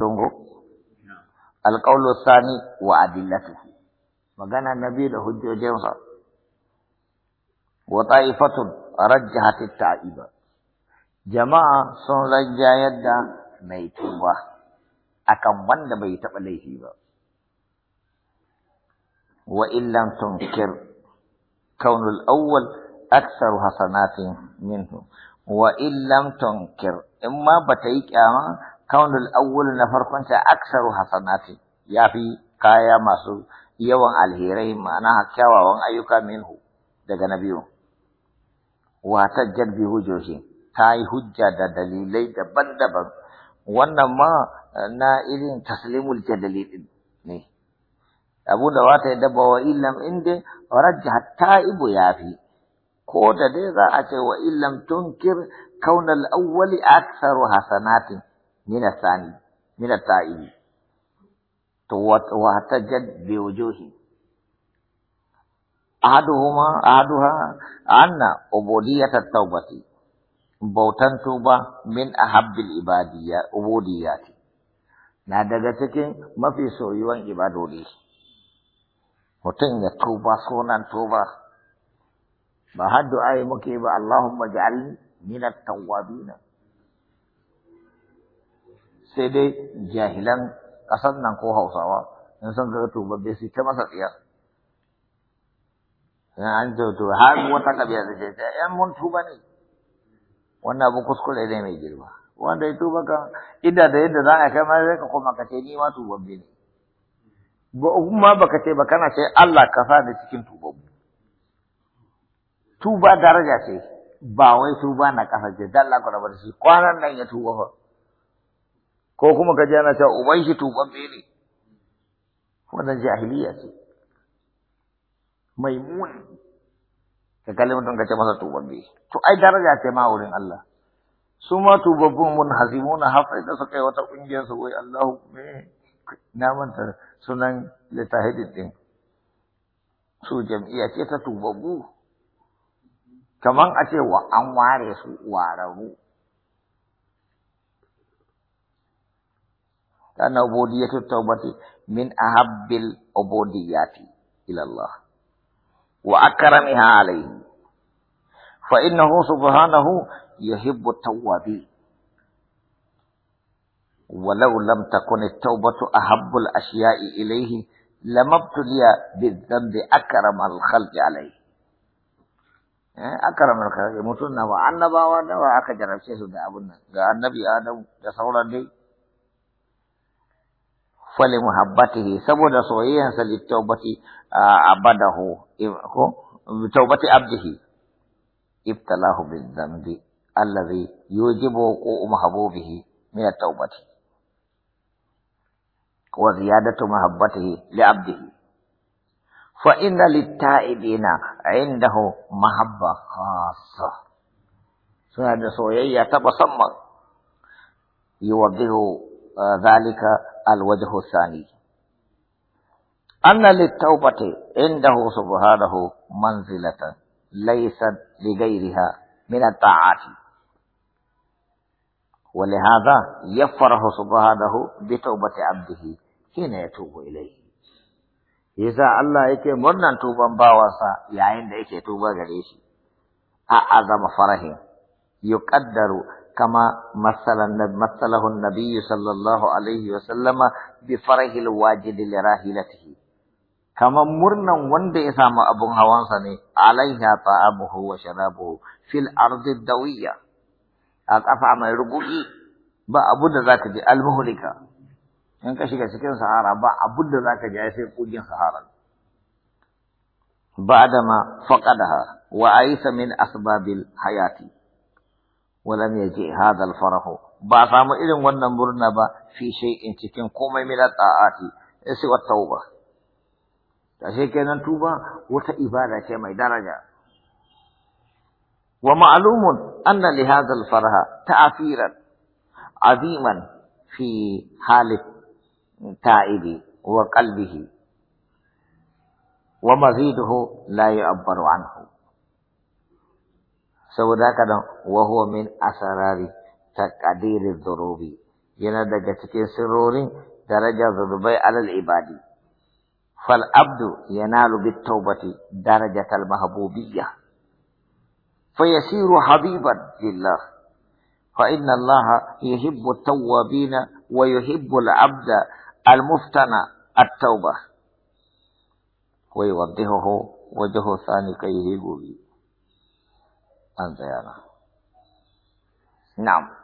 دونغو نعم. القول الثاني وأدلته وقال النبي له الجنصة وطائفة رجحت التعيب جماعة سن رجا يدا ميتوبة أكم وند بيتب عليه وإن لم تنكر كون الأول أكثر حسنات منه وإن لم تنكر إما بتيك أما كون الأول نفرطن كأكثرها صناتي يا في كايا ماسو يوان الهيري ما ناها كاوا وان أيوكا منه دقا نبيو واتجد به جوشي تاي حجة دا دليلي دا بندبا وانما نائلين تسليم الجدليل ني أبو دواتا دبا وإن لم اندي ورجح التائب يا في كوتا ديغا أتي وإن لم تنكر كون الأول أكثر حسناتي من الثاني من التائب واحتجت بوجوه أحدهما أحدها أن عبودية التوبة بوتان توبة من أحب العبادية عبوديات na daga cikin mafi soyuwan ibadodi mutum ya tuba sunan tuba ba har du'a muke ba Allahumma ja'alni minat tawwabina sai dai jahilan ƙasar nan ko hausawa in sun ga tubabbe su ta masa tsiya an ce to har wata kabila da ce ‘yan mun tuba ne wannan abu kuskure ne mai girma wanda ya tuba kan idan da yadda za a kai ma zai ka koma ka ce ni ma tubabbe ne ba kuma baka ce ba kana ce Allah ka sa da cikin tubabbu tuba daraja ce ba wai tuba na kasa ce dalla ku ba shi kwanan nan ya tuba fa ko kuma ka ji ana cewa uban shi tubabbe ne wannan jahiliya ce maimun ka kalli mutum ka ce masa tubabbe to ai daraja ce ma wurin Allah su ma tubabbun mun hazimuna hafai da suka yi wata kungiyar su wai Allahu me na manta sunan litahidin din su jam'iyya ce ta tubabbu kaman a ce wa an ware su wararu لأن عبودية التوبة من أحب العبوديات إلى الله وأكرمها عليه فإنه سبحانه يحب التوابين ولو لم تكن التوبة أحب الأشياء إليه لما ابتلي بالذنب أكرم الخلق عليه أكرم الخلق يموتون وعنبا وعنبا وعنبا وعنبا وعنبا وعنبا وعنبا وعنبا وعنبا وعنبا دي fali muhabbatihi saboda soyayyansa li tawbati abadahu ko tawbati abdihi ibtalahu bil dhanbi allazi yujibu qu mahbubihi min at-tawbati wa ziyadatu mahabbatihi li abdihi fa inna lit-ta'ibina 'indahu mahabba khassa suna da soyayya ta musamman yuwaddihu ذلك الوجه الثاني أن للتوبة عنده سبحانه منزلة ليست لغيرها من الطاعات ولهذا يفرح سبحانه بتوبة عبده حين يتوب إليه إذا الله يكي murnan توبا bawansa يعين da توبا غريشي أعظم shi يقدر كما مثل مثله النبي صلى الله عليه وسلم بفرح الواجد لراحلته كما مرنا وند إسام أبو هوانسني عليها طعامه وشرابه في الأرض الدوية أقفع ما يرقوه با abu da za ka je almuhulika in ka shiga cikin sahara ba abu da za ka je sai kugin sahara ba da ma ولم يجئ هذا الفرح بعثام إذن ونمرنا في شيء تكن قوم من الطاعات سوى التوبة تشيكنا توبة وتإبادة ما درجة ومعلوم أن لهذا الفرح تأثيرا عظيما في حال التائب وقلبه ومزيده لا يعبر عنه saboda haka nan wa huwa min asrari taqdirir dhurubi yana daga cikin sirrorin daraja zubai alal ibadi fal abdu yanalu bit tawbati darajatal mahbubiyyah فيصير حبيبا لله فإن الله يحب التوابين ويحب العبد المفتنى التوبة ويوضحه وجه ثاني كي يهيبه an zayara na na'am